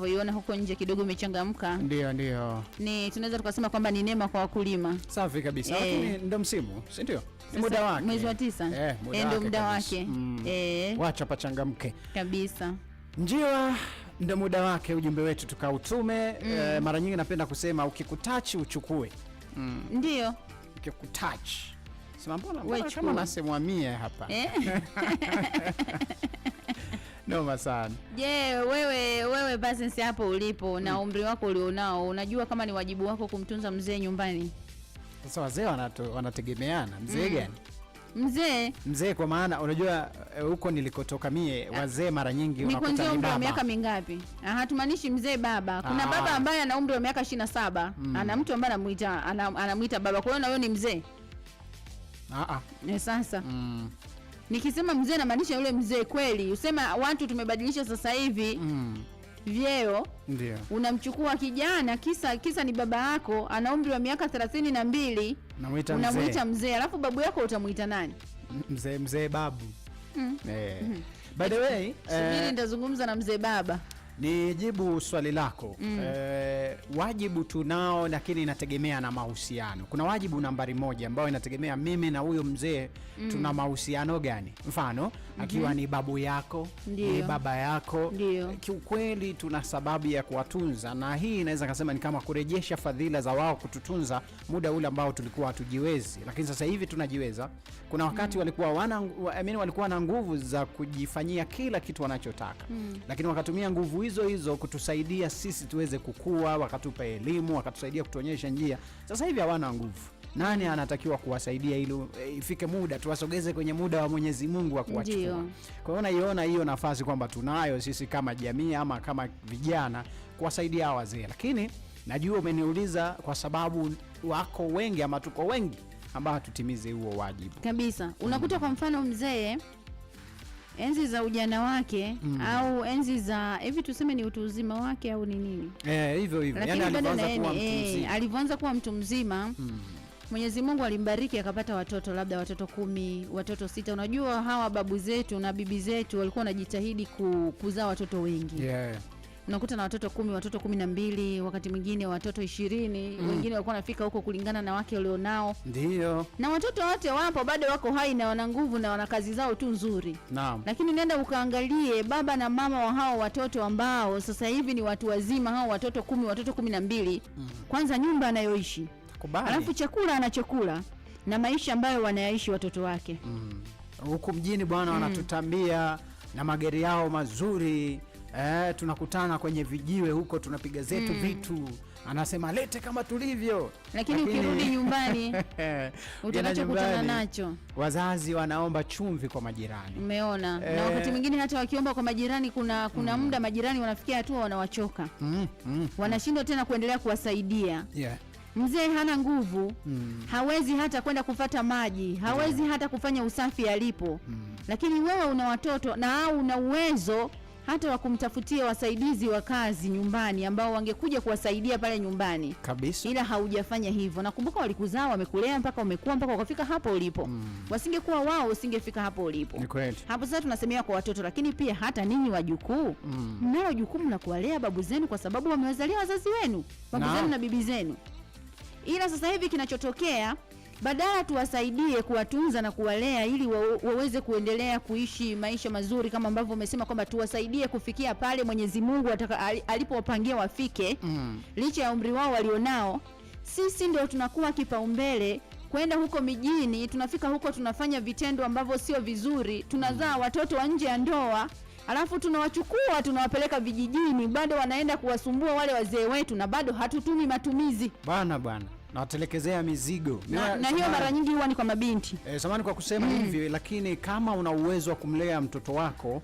tunavyoiona huko nje kidogo imechangamka. Ndio, ndio. Ni tunaweza tukasema kwamba ni neema kwa wakulima. Safi kabisa. Eh. Lakini ndio msimu, si ndio? Muda wake. Mwezi wa tisa. Eh, eh, ndio muda wake. Mm. Eh. Wacha pachangamke. Kabisa. Njiwa ndio muda wake, ujumbe wetu tukautume. Mm. E, mara nyingi napenda kusema ukikutachi uchukue. Mm. Ndio. Ukikutachi. Sema mbona kama nasemwa mie hapa. Eh. Noma sana. Je, yeah, wewe wewe basi hapo ulipo na mm. umri wako ulionao, unajua kama ni wajibu wako kumtunza mzee nyumbani? Sasa wazee wanategemeana. Mzee mm. gani? Mzee mzee, kwa maana unajua eh, huko uh, nilikotoka mie ah. wazee mara nyingi ni umri wa miaka mingapi? Ah, hatumaanishi mzee baba. Kuna Aa. Ah. baba ambaye ana umri wa miaka ishirini na saba mm. ana mtu ambaye anamuita anamwita baba, kwa hiyo na wewe ni mzee. Eh, sasa mm. Nikisema mzee namaanisha yule mzee kweli, usema watu tumebadilisha sasa hivi mm. vyeo ndio unamchukua kijana kisa kisa ni baba yako ana umri wa miaka thelathini na mbili unamwita mzee, alafu babu yako utamwita nani? Mzee mzee babu mm. yeah. mm -hmm. By the way, subiri eh, ndazungumza na mzee baba ni jibu swali lako mm. E, wajibu tunao, lakini inategemea na mahusiano. Kuna wajibu nambari moja ambayo inategemea mimi na huyo mzee mm. tuna mahusiano gani? Mfano mm -hmm. akiwa ni babu yako Ndiyo. ni baba yako Ndiyo. kiukweli tuna sababu ya kuwatunza, na hii inaweza kasema ni kama kurejesha fadhila za wao kututunza muda ule ambao tulikuwa hatujiwezi, lakini sasa hivi tunajiweza. Kuna wakati mm. walikuwa wana, I mean, walikuwa na nguvu za kujifanyia kila kitu wanachotaka mm. lakini wakatumia nguvu hizo hizo kutusaidia sisi tuweze kukua, wakatupa elimu, wakatusaidia kutuonyesha njia. Sasa hivi hawana nguvu. Nani anatakiwa kuwasaidia ili eh, ifike muda tuwasogeze kwenye muda wa Mwenyezi Mungu wa kuwachukua? Kwa hiyo naiona hiyo nafasi kwamba tunayo sisi kama jamii ama kama vijana kuwasaidia hawa wazee, lakini najua umeniuliza kwa sababu wako wengi ama tuko wengi ambao hatutimize huo wajibu kabisa. Unakuta mm. kwa mfano mzee enzi za ujana wake mm. au enzi za hivi tuseme ni utu uzima wake au ni nini eh, hivyo hivyo, lakini yaani eh, alivyoanza kuwa mtu mzima mm. Mwenyezi Mungu alimbariki akapata watoto labda watoto kumi, watoto sita. Unajua hawa babu zetu na bibi zetu walikuwa wanajitahidi kuzaa watoto wengi yeah unakuta na watoto kumi, watoto kumi na mbili, wakati mwingine watoto ishirini. Mm. walikuwa wanafika huko kulingana na wake walionao, ndio na watoto wote wapo bado wako hai na wana nguvu na wana kazi zao tu nzuri. Naam. Lakini nenda ukaangalie baba na mama wa hao watoto ambao sasa hivi ni watu wazima, hao watoto kumi, watoto kumi na mbili. Mm. Kwanza nyumba anayoishi alafu chakula anachokula na maisha ambayo wanayaishi watoto wake mm. huku mm. mjini bwana, mm. wanatutambia na magari yao mazuri eh, tunakutana kwenye vijiwe huko tunapiga zetu mm. vitu anasema lete kama tulivyo, lakini ukirudi nyumbani utakachokutana nacho. Wazazi wanaomba chumvi kwa majirani, umeona e... Na eh. wakati mwingine hata wakiomba kwa majirani, kuna kuna mm. muda majirani wanafikia hatua wanawachoka mm, mm. mm. wanashindwa tena kuendelea kuwasaidia yeah. Mzee hana nguvu mm. hawezi hata kwenda kufata maji, hawezi yeah. hata kufanya usafi alipo mm. Lakini wewe una watoto na au una uwezo hata wa kumtafutia wasaidizi wa kazi nyumbani ambao wangekuja kuwasaidia pale nyumbani kabisa, ila haujafanya hivyo. Nakumbuka walikuzaa, wamekulea mpaka umekua mpaka ukafika hapo ulipo mm. Wasingekuwa wao usingefika hapo ulipo. Hapo sasa tunasemea kwa watoto, lakini pia hata ninyi wajukuu mnalo mm. jukumu la kuwalea babu zenu, kwa sababu wamewazalia wazazi wenu, babu na zenu na bibi zenu, ila sasa hivi kinachotokea badala tuwasaidie kuwatunza na kuwalea ili waweze kuendelea kuishi maisha mazuri, kama ambavyo umesema kwamba tuwasaidie kufikia pale Mwenyezi Mungu alipowapangia wafike, mm. licha ya umri wao walionao. Sisi ndio tunakuwa kipaumbele kwenda huko mijini, tunafika huko tunafanya vitendo ambavyo sio vizuri, tunazaa mm. watoto wa nje ya ndoa alafu tunawachukua tunawapeleka vijijini, bado wanaenda kuwasumbua wale wazee wetu, na bado hatutumi matumizi bana bana nawatelekezea mizigo na, na hiyo mara nyingi huwa ni kwa mabinti eh, samani kwa kusema mm. hivi lakini kama una uwezo wa kumlea mtoto wako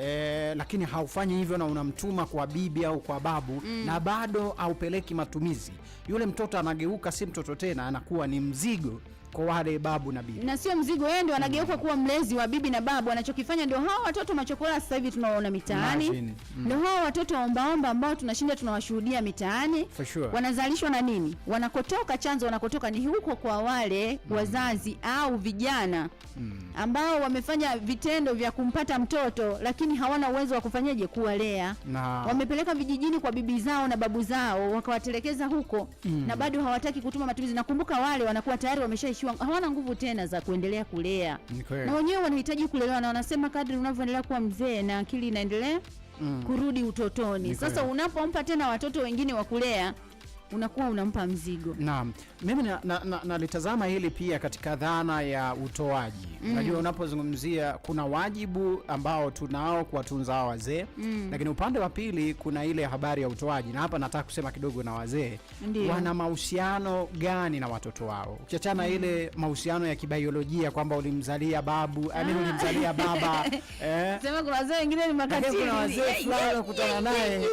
Eh, lakini haufanyi hivyo na unamtuma kwa bibi au kwa babu mm. na bado haupeleki matumizi, yule mtoto anageuka si mtoto tena, anakuwa ni mzigo kwa wale babu na bibi, na sio mzigo. Yeye ndio anageuka mm. kuwa mlezi wa bibi na babu. Anachokifanya ndio hawa watoto machokola sasa hivi tunaona mitaani mm. ndio hawa watoto waombaomba ambao tunashinda tunawashuhudia mitaani sure. Wanazalishwa na nini? Wanakotoka chanzo wanakotoka ni huko kwa wale mm. wazazi au vijana mm. ambao wamefanya vitendo vya kumpata mtoto, lakini hawana uwezo wa kufanyaje kuwalea nah. Wamepeleka vijijini kwa bibi zao na babu zao wakawatelekeza huko mm. na bado hawataki kutuma matumizi. Nakumbuka wale wanakuwa tayari wameshaishiwa hawana nguvu tena za kuendelea kulea na wenyewe wanahitaji kulelewa, na wanasema kadri unavyoendelea kuwa mzee na akili inaendelea Mm. kurudi utotoni. Sasa unapompa tena watoto wengine wa kulea unakuwa unampa mzigo. Naam, mimi nalitazama na, na, na hili pia katika dhana ya utoaji mm. unapozungumzia kuna wajibu ambao tunao kuwatunza hawa wazee mm. Lakini upande wa pili kuna ile habari ya utoaji, na hapa nataka kusema kidogo na wazee wana mahusiano gani na watoto wao, ukiachana mm. ile mahusiano ya kibaiolojia kwamba ulimzalia babu ah. ulimzalia baba eh. Sema kuna wazee wengine ni makatili, kuna wazee fulani naye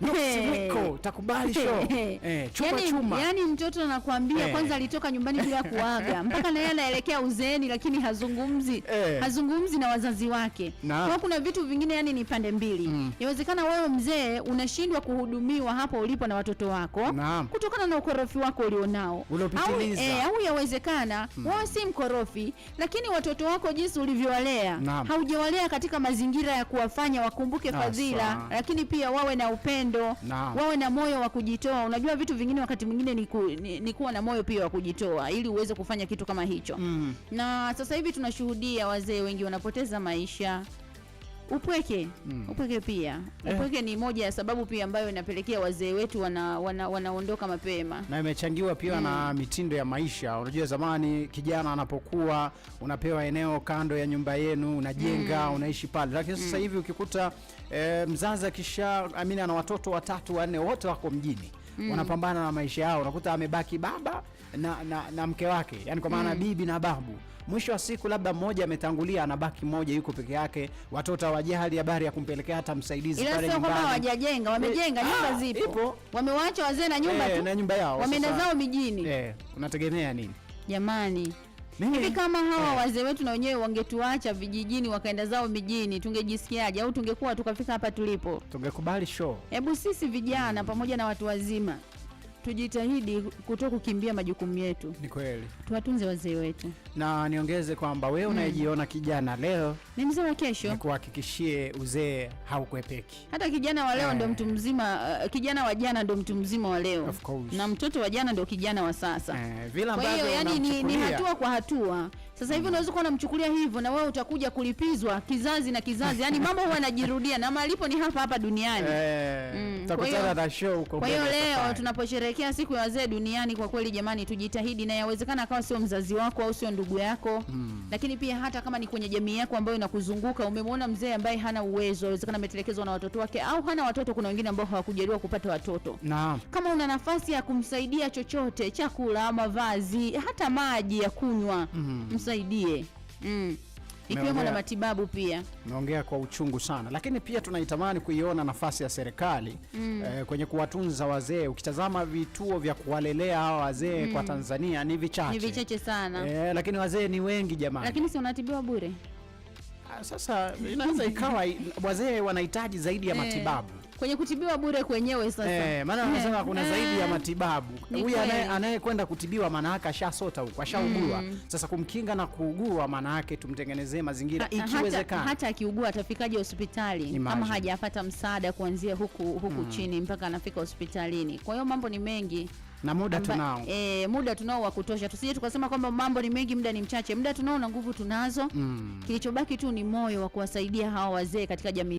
Siko, takubali show. Eh, chuma yani, chuma. Yaani mtoto anakuambia eh. kwanza alitoka nyumbani bila kuaga mpaka naye anaelekea uzeeni lakini hazungumzi eh, hazungumzi na wazazi wake. Kwa kuna vitu vingine yani ni pande mbili. Mm. Inawezekana wewe mzee unashindwa kuhudumiwa hapo ulipo na watoto wako na, kutokana na ukorofi wako ulionao. Au eh, au yawezekana mm, wewe si mkorofi lakini watoto wako jinsi ulivyowalea haujawalea katika mazingira ya kuwafanya wakumbuke fadhila lakini pia wawe na upendo upendo na, wawe na moyo wa kujitoa. Unajua vitu vingine wakati mwingine ni, ku, ni, ni kuwa na moyo pia wa kujitoa ili uweze kufanya kitu kama hicho mm. Na sasa hivi tunashuhudia wazee wengi wanapoteza maisha Upweke mm. Upweke pia eh. upweke ni moja ya sababu pia ambayo inapelekea wazee wetu wana, wana, wanaondoka mapema na imechangiwa pia mm. na mitindo ya maisha. Unajua zamani kijana anapokuwa unapewa eneo kando ya nyumba yenu unajenga mm. unaishi pale, lakini sasa mm. hivi ukikuta e, mzazi akisha amini ana watoto watatu wanne wote wako mjini mm. wanapambana na maisha yao, unakuta amebaki baba na, na, na mke wake, yani kwa maana mm. bibi na babu mwisho wa siku labda mmoja ametangulia, anabaki mmoja yuko peke yake, watoto wajali habari ya kumpelekea hata msaidizi pale nyumbani. Sio kwamba wamejenga eh, nyumba ah, zipo, wamewacha wazee na nyumba e, tu na nyumba yao wameenda zao mijini e, unategemea nini jamani? Hivi kama hawa eh, wazee wetu na wenyewe wangetuacha vijijini wakaenda zao mijini, tungejisikiaje? Au tungekuwa tukafika hapa tulipo? Tungekubali show? Hebu sisi vijana mm, pamoja na watu wazima tujitahidi kuto kukimbia majukumu yetu. Ni kweli, tuwatunze wazee wetu, na niongeze kwamba wewe mm. unayejiona mm, kijana leo ni mzee wa kesho. kuhakikishie uzee haukwepeki. Hata kijana wa leo yeah. ndo mtu mzima uh, kijana wa jana ndo mtu mzima wa leo, na mtoto wa jana ndo kijana wa sasa eh, vile ambavyo kwa hiyo yani ni, ni hatua kwa hatua sasa hivi mm. unaweza kuwa unamchukulia hivyo na wewe utakuja kulipizwa kizazi na kizazi, Yaani mambo huwa yanajirudia na malipo ni hapa hapa duniani eh, mm. Kwa hiyo leo tunaposherehekea kuelekea siku ya wazee duniani. Kwa kweli jamani, tujitahidi, na yawezekana akawa sio mzazi wako au sio ndugu yako hmm. Lakini pia hata kama ni kwenye jamii yako ambayo inakuzunguka, umemwona mzee ambaye hana uwezo, awezekana ametelekezwa na watoto wake au hana watoto. Kuna wengine ambao hawakujaliwa kupata watoto na. Kama una nafasi ya kumsaidia chochote, chakula, mavazi, hata maji ya kunywa hmm. msaidie hmm ikiwemo na matibabu pia. Naongea kwa uchungu sana, lakini pia tunaitamani kuiona nafasi ya serikali mm. eh, kwenye kuwatunza wazee. Ukitazama vituo vya kuwalelea hawa wazee mm. kwa Tanzania ni vichache, ni vichache sana eh, lakini wazee ni wengi jamani, lakini si unatibiwa bure. Ah, sasa inaweza ikawa wazee wanahitaji zaidi ya eh. matibabu kwenye kutibiwa bure kwenyewe sasa. Eh, maana eh. wanasema kuna eh, zaidi ya matibabu. Huyu anayekwenda kutibiwa maana yake ashasota huko, ashaugua. Mm. Sasa kumkinga na kuugua maana yake tumtengenezee mazingira ah, ah, ikiwezekana. Hata akiugua atafikaje hospitali kama hajapata msaada kuanzia huku huku mm, chini mpaka anafika hospitalini. Kwa hiyo mambo ni mengi na muda tunao e, muda tunao wa kutosha. Tusije tukasema kwamba mambo ni mengi, muda ni mchache. Muda tunao na nguvu tunazo. Mm. Kilichobaki tu ni moyo wa kuwasaidia hawa wazee katika jamii.